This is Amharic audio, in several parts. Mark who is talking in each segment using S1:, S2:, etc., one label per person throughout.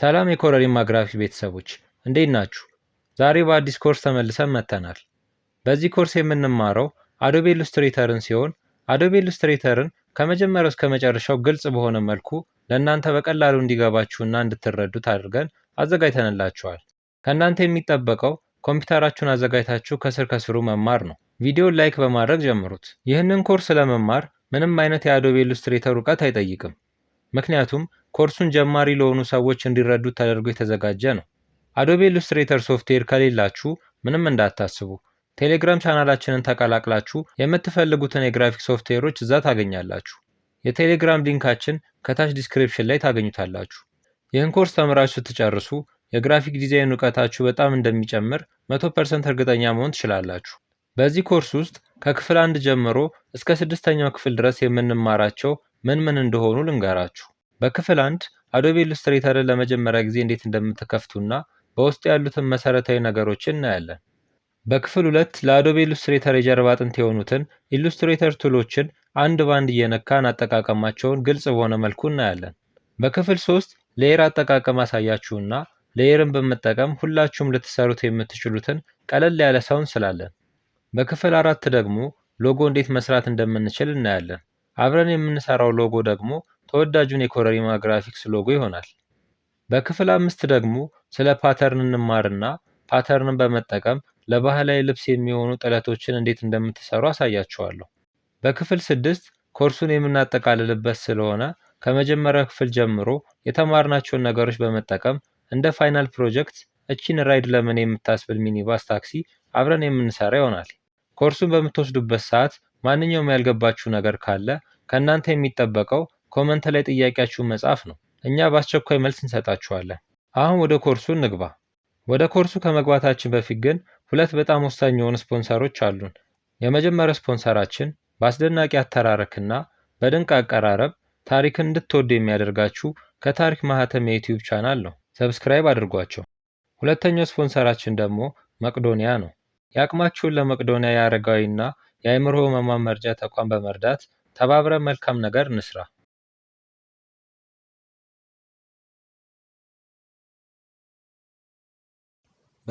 S1: ሰላም የኮረሪማ ግራፊክስ ቤተሰቦች እንዴት ናችሁ? ዛሬ በአዲስ ኮርስ ተመልሰን መጥተናል። በዚህ ኮርስ የምንማረው አዶቤ ኢሉስትሬተርን ሲሆን አዶቤ ኢሉስትሬተርን ከመጀመሪያው እስከ መጨረሻው ግልጽ በሆነ መልኩ ለእናንተ በቀላሉ እንዲገባችሁና እንድትረዱት አድርገን አዘጋጅተንላችኋል። ከእናንተ የሚጠበቀው ኮምፒውተራችሁን አዘጋጅታችሁ ከስር ከስሩ መማር ነው። ቪዲዮ ላይክ በማድረግ ጀምሩት። ይህንን ኮርስ ለመማር ምንም አይነት የአዶቤ ኢሉስትሬተር እውቀት አይጠይቅም። ምክንያቱም ኮርሱን ጀማሪ ለሆኑ ሰዎች እንዲረዱት ተደርጎ የተዘጋጀ ነው። አዶቤ ኢሉስትሬተር ሶፍትዌር ከሌላችሁ ምንም እንዳታስቡ። ቴሌግራም ቻናላችንን ተቀላቅላችሁ የምትፈልጉትን የግራፊክ ሶፍትዌሮች እዛ ታገኛላችሁ። የቴሌግራም ሊንካችን ከታች ዲስክሪፕሽን ላይ ታገኙታላችሁ። ይህን ኮርስ ተምራችሁ ስትጨርሱ የግራፊክ ዲዛይን እውቀታችሁ በጣም እንደሚጨምር 100% እርግጠኛ መሆን ትችላላችሁ። በዚህ ኮርስ ውስጥ ከክፍል አንድ ጀምሮ እስከ ስድስተኛው ክፍል ድረስ የምንማራቸው ምን ምን እንደሆኑ ልንገራችሁ። በክፍል አንድ አዶቤ ኢሉስትሬተርን ለመጀመሪያ ጊዜ እንዴት እንደምትከፍቱና በውስጡ ያሉትን መሰረታዊ ነገሮችን እናያለን። በክፍል ሁለት ለአዶቤ ኢሉስትሬተር የጀርባ አጥንት የሆኑትን ኢሉስትሬተር ቱሎችን አንድ ባንድ እየነካን አጠቃቀማቸውን ግልጽ በሆነ መልኩ እናያለን። በክፍል ሶስት ሌየር አጠቃቀም አሳያችሁና ሌየርን በመጠቀም ሁላችሁም ልትሰሩት የምትችሉትን ቀለል ያለ ሰው እንስላለን። በክፍል አራት ደግሞ ሎጎ እንዴት መስራት እንደምንችል እናያለን። አብረን የምንሰራው ሎጎ ደግሞ ተወዳጁን የኮረሪማ ግራፊክስ ሎጎ ይሆናል። በክፍል አምስት ደግሞ ስለ ፓተርን እንማርና ፓተርንን በመጠቀም ለባህላዊ ልብስ የሚሆኑ ጥለቶችን እንዴት እንደምትሰሩ አሳያችኋለሁ። በክፍል ስድስት ኮርሱን የምናጠቃልልበት ስለሆነ ከመጀመሪያው ክፍል ጀምሮ የተማርናቸውን ነገሮች በመጠቀም እንደ ፋይናል ፕሮጀክት እቺን ራይድ ለምን የምታስብል ሚኒባስ ታክሲ አብረን የምንሰራ ይሆናል። ኮርሱን በምትወስዱበት ሰዓት ማንኛውም ያልገባችሁ ነገር ካለ ከእናንተ የሚጠበቀው ኮመንት ላይ ጥያቄያችሁን መጻፍ ነው። እኛ በአስቸኳይ መልስ እንሰጣችኋለን። አሁን ወደ ኮርሱ እንግባ። ወደ ኮርሱ ከመግባታችን በፊት ግን ሁለት በጣም ወሳኝ የሆኑ ስፖንሰሮች አሉን። የመጀመሪያው ስፖንሰራችን በአስደናቂ አተራረክና በድንቅ አቀራረብ ታሪክን እንድትወዱ የሚያደርጋችሁ ከታሪክ ማህተም የዩትዩብ ቻናል ነው። ሰብስክራይብ አድርጓቸው። ሁለተኛው ስፖንሰራችን ደግሞ መቅዶኒያ ነው። የአቅማችሁን ለመቅዶኒያ የአረጋዊና የአእምሮ ህሙማን መርጃ ተቋም በመርዳት ተባብረን መልካም ነገር እንስራ።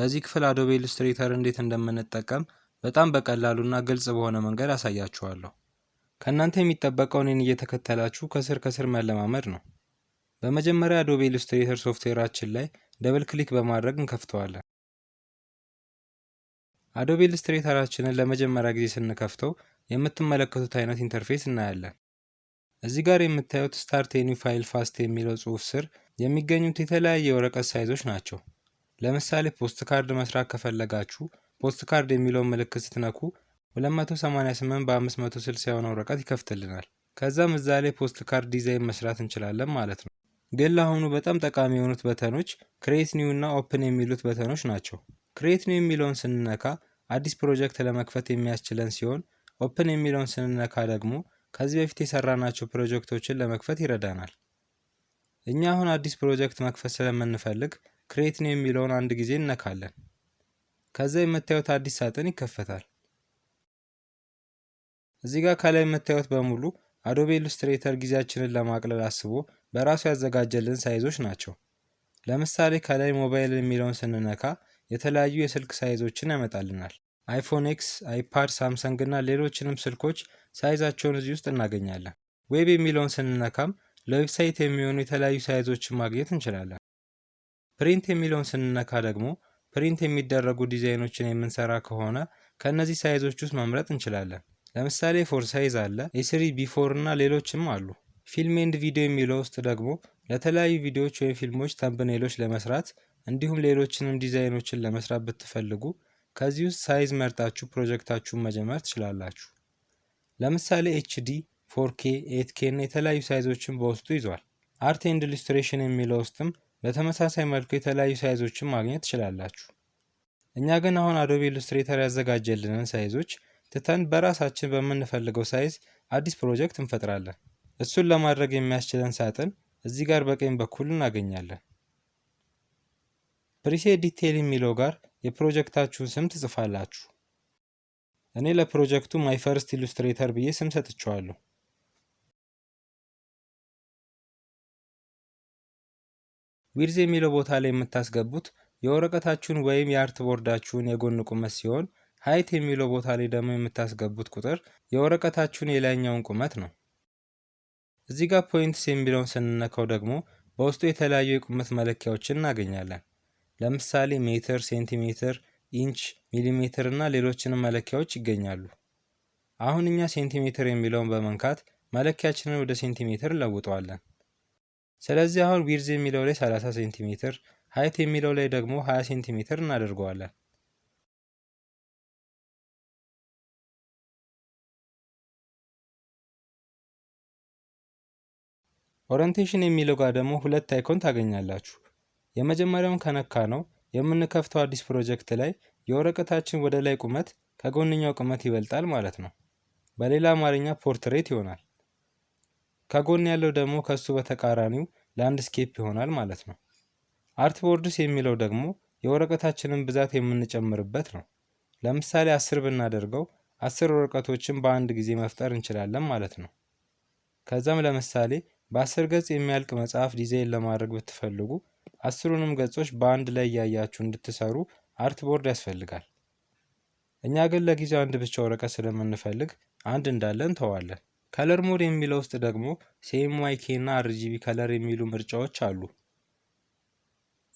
S1: በዚህ ክፍል አዶቤ ኢሉስትሬተር እንዴት እንደምንጠቀም በጣም በቀላሉና ግልጽ በሆነ መንገድ አሳያችኋለሁ። ከእናንተ የሚጠበቀው እኔን እየተከተላችሁ ከስር ከስር መለማመድ ነው። በመጀመሪያ አዶቤ ኢሉስትሬተር ሶፍትዌራችን ላይ ደብል ክሊክ በማድረግ እንከፍተዋለን። አዶቤ ኢሉስትሬተራችንን ለመጀመሪያ ጊዜ ስንከፍተው የምትመለከቱት አይነት ኢንተርፌስ እናያለን። እዚህ ጋር የምታዩት ስታርት ኒው ፋይል ፋስት የሚለው ጽሑፍ ስር የሚገኙት የተለያየ የወረቀት ሳይዞች ናቸው። ለምሳሌ ፖስት ካርድ መስራት ከፈለጋችሁ ፖስት ካርድ የሚለውን ምልክት ስትነኩ 288 በ560 የሆነ ወረቀት ይከፍትልናል። ከዛም እዛ ላይ ፖስት ካርድ ዲዛይን መስራት እንችላለን ማለት ነው። ግን ለአሁኑ በጣም ጠቃሚ የሆኑት በተኖች ክሬት ኒው እና ኦፕን የሚሉት በተኖች ናቸው። ክሬት ኒው የሚለውን ስንነካ አዲስ ፕሮጀክት ለመክፈት የሚያስችለን ሲሆን ኦፕን የሚለውን ስንነካ ደግሞ ከዚህ በፊት የሰራናቸው ፕሮጀክቶችን ለመክፈት ይረዳናል። እኛ አሁን አዲስ ፕሮጀክት መክፈት ስለምንፈልግ ክሬትን የሚለውን አንድ ጊዜ እነካለን። ከዛ የምታዩት አዲስ ሳጥን ይከፈታል። እዚህ ጋር ከላይ የምታዩት በሙሉ አዶቤ ኢሉስትሬተር ጊዜያችንን ለማቅለል አስቦ በራሱ ያዘጋጀልን ሳይዞች ናቸው። ለምሳሌ ከላይ ሞባይል የሚለውን ስንነካ የተለያዩ የስልክ ሳይዞችን ያመጣልናል። አይፎን ኤክስ፣ አይፓድ፣ ሳምሰንግ እና ሌሎችንም ስልኮች ሳይዛቸውን እዚህ ውስጥ እናገኛለን። ዌብ የሚለውን ስንነካም ለዌብሳይት የሚሆኑ የተለያዩ ሳይዞችን ማግኘት እንችላለን። ፕሪንት የሚለውን ስንነካ ደግሞ ፕሪንት የሚደረጉ ዲዛይኖችን የምንሰራ ከሆነ ከእነዚህ ሳይዞች ውስጥ መምረጥ እንችላለን። ለምሳሌ ፎር ሳይዝ አለ፣ ኤስሪ ቢፎር እና ሌሎችም አሉ። ፊልም ኤንድ ቪዲዮ የሚለው ውስጥ ደግሞ ለተለያዩ ቪዲዮዎች ወይም ፊልሞች ተምብኔሎች ለመስራት እንዲሁም ሌሎችንም ዲዛይኖችን ለመስራት ብትፈልጉ ከዚህ ውስጥ ሳይዝ መርጣችሁ ፕሮጀክታችሁን መጀመር ትችላላችሁ። ለምሳሌ ኤችዲ፣ ፎርኬ፣ ኤትኬ እና የተለያዩ ሳይዞችን በውስጡ ይዟል። አርት ኤንድ ኢሉስትሬሽን የሚለው ውስጥም በተመሳሳይ መልኩ የተለያዩ ሳይዞችን ማግኘት ትችላላችሁ። እኛ ግን አሁን አዶቤ ኢሉስትሬተር ያዘጋጀልንን ሳይዞች ትተን በራሳችን በምንፈልገው ሳይዝ አዲስ ፕሮጀክት እንፈጥራለን። እሱን ለማድረግ የሚያስችለን ሳጥን እዚህ ጋር በቀኝ በኩል እናገኛለን። ፕሪሴት ዲቴይል የሚለው ጋር የፕሮጀክታችሁን ስም ትጽፋላችሁ። እኔ ለፕሮጀክቱ ማይ ፈርስት ኢሉስትሬተር ብዬ ስም ሰጥቸዋለሁ። ዊድዝ የሚለው ቦታ ላይ የምታስገቡት የወረቀታችሁን ወይም የአርት ቦርዳችሁን የጎን ቁመት ሲሆን ሀይት የሚለው ቦታ ላይ ደግሞ የምታስገቡት ቁጥር የወረቀታችሁን የላይኛውን ቁመት ነው። እዚህ ጋር ፖይንትስ የሚለውን ስንነካው ደግሞ በውስጡ የተለያዩ የቁመት መለኪያዎችን እናገኛለን። ለምሳሌ ሜትር፣ ሴንቲሜትር፣ ኢንች፣ ሚሊሜትር እና ሌሎችንም መለኪያዎች ይገኛሉ። አሁን እኛ ሴንቲሜትር የሚለውን በመንካት መለኪያችንን ወደ ሴንቲሜትር እንለውጠዋለን። ስለዚህ አሁን ዊርዝ የሚለው ላይ 30 ሴንቲሜትር ሀይት የሚለው ላይ ደግሞ 20 ሴንቲሜትር እናደርገዋለን። ኦሪንቴሽን የሚለው ጋር ደግሞ ሁለት አይኮን ታገኛላችሁ። የመጀመሪያውን ከነካ ነው የምንከፍተው አዲስ ፕሮጀክት ላይ የወረቀታችን ወደ ላይ ቁመት ከጎንኛው ቁመት ይበልጣል ማለት ነው። በሌላ አማርኛ ፖርትሬት ይሆናል። ከጎን ያለው ደግሞ ከሱ በተቃራኒው ላንድስኬፕ ይሆናል ማለት ነው። አርት ቦርድስ የሚለው ደግሞ የወረቀታችንን ብዛት የምንጨምርበት ነው። ለምሳሌ አስር ብናደርገው አስር ወረቀቶችን በአንድ ጊዜ መፍጠር እንችላለን ማለት ነው። ከዛም ለምሳሌ በአስር ገጽ የሚያልቅ መጽሐፍ ዲዛይን ለማድረግ ብትፈልጉ አስሩንም ገጾች በአንድ ላይ እያያችሁ እንድትሰሩ አርት ቦርድ ያስፈልጋል። እኛ ግን ለጊዜው አንድ ብቻ ወረቀት ስለምንፈልግ አንድ እንዳለን ተዋለን። ከለር ሞድ የሚለው ውስጥ ደግሞ ሲኤምዋይኬ እና አርጂቢ ከለር የሚሉ ምርጫዎች አሉ።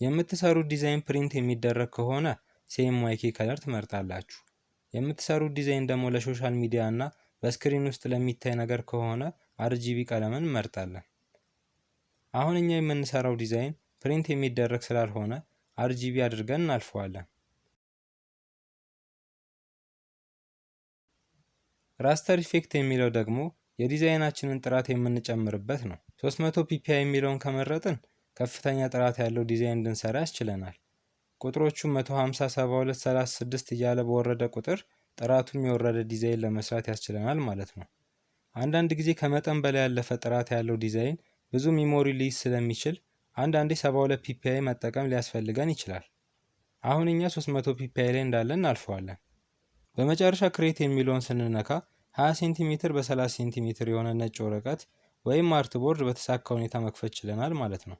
S1: የምትሰሩት ዲዛይን ፕሪንት የሚደረግ ከሆነ ሲኤምዋይኬ ከለር ትመርጣላችሁ። የምትሰሩት ዲዛይን ደግሞ ለሶሻል ሚዲያ እና በስክሪን ውስጥ ለሚታይ ነገር ከሆነ አርጂቢ ቀለምን እንመርጣለን። አሁን እኛ የምንሰራው ዲዛይን ፕሪንት የሚደረግ ስላልሆነ አርጂቢ አድርገን እናልፈዋለን። ራስተር ኢፌክት የሚለው ደግሞ የዲዛይናችንን ጥራት የምንጨምርበት ነው። 300 ppi የሚለውን ከመረጥን ከፍተኛ ጥራት ያለው ዲዛይን እንድንሰራ ያስችለናል። ቁጥሮቹ 150፣ 72፣ 36 እያለ በወረደ ቁጥር ጥራቱም የወረደ ዲዛይን ለመስራት ያስችለናል ማለት ነው። አንዳንድ ጊዜ ከመጠን በላይ ያለፈ ጥራት ያለው ዲዛይን ብዙ ሚሞሪ ሊይዝ ስለሚችል አንዳንዴ 72 ppi መጠቀም ሊያስፈልገን ይችላል። አሁን እኛ 300 ppi ላይ እንዳለን እናልፈዋለን። በመጨረሻ ክሬት የሚለውን ስንነካ 20 ሴንቲሜትር በ30 ሴንቲሜትር የሆነ ነጭ ወረቀት ወይም አርትቦርድ በተሳካ ሁኔታ መክፈት ችለናል ማለት ነው።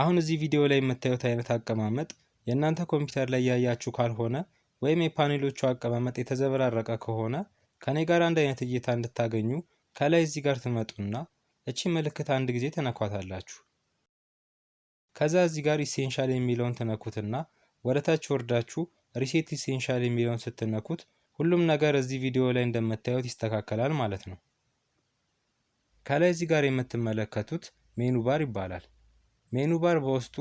S1: አሁን እዚህ ቪዲዮ ላይ የምታዩት አይነት አቀማመጥ የእናንተ ኮምፒውተር ላይ ያያችሁ ካልሆነ ወይም የፓኔሎቹ አቀማመጥ የተዘበራረቀ ከሆነ ከኔ ጋር አንድ አይነት እይታ እንድታገኙ ከላይ እዚህ ጋር ትመጡና እቺ ምልክት አንድ ጊዜ ትነኳታላችሁ። ከዛ እዚህ ጋር ኢሴንሻል የሚለውን ትነኩትና ወደታች ወርዳችሁ ሪሴት ኢሴንሻል የሚለውን ስትነኩት ሁሉም ነገር እዚህ ቪዲዮ ላይ እንደምታዩት ይስተካከላል ማለት ነው። ከላይ እዚህ ጋር የምትመለከቱት ሜኑ ባር ይባላል። ሜኑ ባር በውስጡ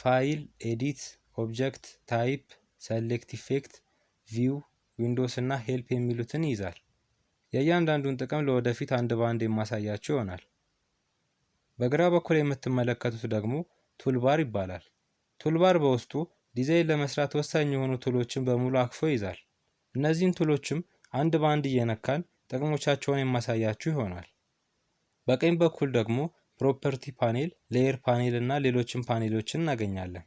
S1: ፋይል፣ ኤዲት፣ ኦብጀክት፣ ታይፕ፣ ሰሌክት ኢፌክት፣ ቪው፣ ዊንዶውስ እና ሄልፕ የሚሉትን ይይዛል። የእያንዳንዱን ጥቅም ለወደፊት አንድ በአንድ የማሳያችሁ ይሆናል። በግራ በኩል የምትመለከቱት ደግሞ ቱልባር ይባላል። ቱልባር በውስጡ ዲዛይን ለመስራት ወሳኝ የሆኑ ቱሎችን በሙሉ አክፎ ይይዛል። እነዚህን ቱሎችም አንድ በአንድ እየነካን ጥቅሞቻቸውን የማሳያችሁ ይሆናል። በቀኝ በኩል ደግሞ ፕሮፐርቲ ፓኔል፣ ሌየር ፓኔል እና ሌሎችን ፓኔሎችን እናገኛለን።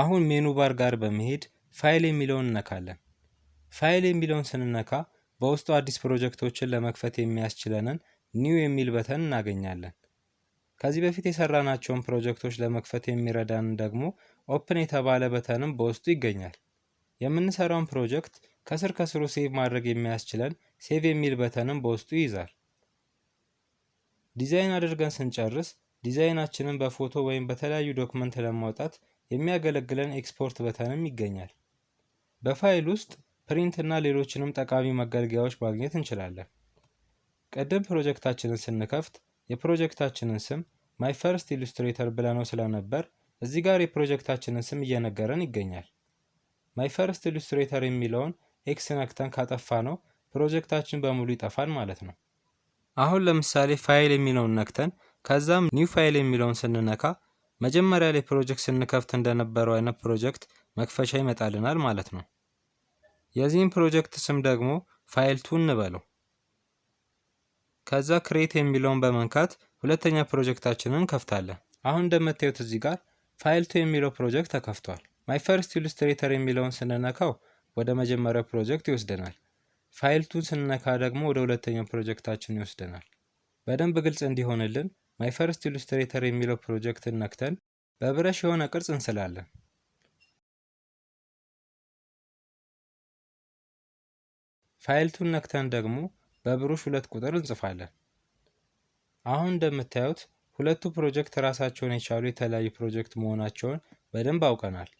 S1: አሁን ሜኑ ባር ጋር በመሄድ ፋይል የሚለውን እነካለን። ፋይል የሚለውን ስንነካ በውስጡ አዲስ ፕሮጀክቶችን ለመክፈት የሚያስችለንን ኒው የሚል በተን እናገኛለን። ከዚህ በፊት የሰራናቸውን ፕሮጀክቶች ለመክፈት የሚረዳንን ደግሞ ኦፕን የተባለ በተንም በውስጡ ይገኛል። የምንሰራውን ፕሮጀክት ከስር ከስሩ ሴቭ ማድረግ የሚያስችለን ሴቭ የሚል በተንም በውስጡ ይይዛል። ዲዛይን አድርገን ስንጨርስ ዲዛይናችንን በፎቶ ወይም በተለያዩ ዶክመንት ለማውጣት የሚያገለግለን ኤክስፖርት በተንም ይገኛል። በፋይል ውስጥ ፕሪንት እና ሌሎችንም ጠቃሚ መገልገያዎች ማግኘት እንችላለን። ቅድም ፕሮጀክታችንን ስንከፍት የፕሮጀክታችንን ስም ማይ ፈርስት ኢሉስትሬተር ብለነው ስለነበር እዚህ ጋር የፕሮጀክታችንን ስም እየነገረን ይገኛል። ማይ ፈርስት ኢሉስትሬተር የሚለውን ኤክስ ነክተን ካጠፋ ነው ፕሮጀክታችን በሙሉ ይጠፋል ማለት ነው። አሁን ለምሳሌ ፋይል የሚለውን ነክተን ከዛም ኒው ፋይል የሚለውን ስንነካ መጀመሪያ ላይ ፕሮጀክት ስንከፍት እንደነበረው አይነት ፕሮጀክት መክፈቻ ይመጣልናል ማለት ነው። የዚህም ፕሮጀክት ስም ደግሞ ፋይል ቱ እንበለው። ከዛ ክሬት የሚለውን በመንካት ሁለተኛ ፕሮጀክታችንን እንከፍታለን። አሁን እንደምታዩት እዚህ ጋር ፋይል ቱ የሚለው ፕሮጀክት ተከፍቷል። ማይ ፈርስት ኢሉስትሬተር የሚለውን ስንነካው ወደ መጀመሪያው ፕሮጀክት ይወስደናል። ፋይልቱን ስንነካ ደግሞ ወደ ሁለተኛው ፕሮጀክታችን ይወስደናል። በደንብ ግልጽ እንዲሆንልን ማይ ፈርስት ኢሉስትሬተር የሚለው ፕሮጀክትን ነክተን በብረሽ የሆነ ቅርጽ እንስላለን። ፋይልቱን ነክተን ደግሞ በብሩሽ ሁለት ቁጥር እንጽፋለን። አሁን እንደምታዩት ሁለቱ ፕሮጀክት ራሳቸውን የቻሉ የተለያዩ ፕሮጀክት መሆናቸውን በደንብ አውቀናል።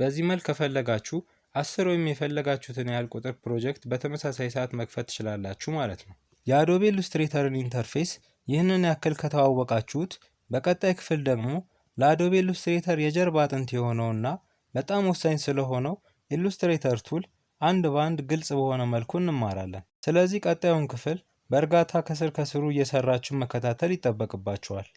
S1: በዚህ መልክ ከፈለጋችሁ አስር ወይም የፈለጋችሁትን ያህል ቁጥር ፕሮጀክት በተመሳሳይ ሰዓት መክፈት ትችላላችሁ ማለት ነው። የአዶቤ ኢሉስትሬተርን ኢንተርፌስ ይህንን ያክል ከተዋወቃችሁት በቀጣይ ክፍል ደግሞ ለአዶቤ ኢሉስትሬተር የጀርባ አጥንት የሆነውና በጣም ወሳኝ ስለሆነው ኢሉስትሬተር ቱል አንድ በአንድ ግልጽ በሆነ መልኩ እንማራለን። ስለዚህ ቀጣዩን ክፍል በእርጋታ ከስር ከስሩ እየሰራችሁ መከታተል ይጠበቅባችኋል።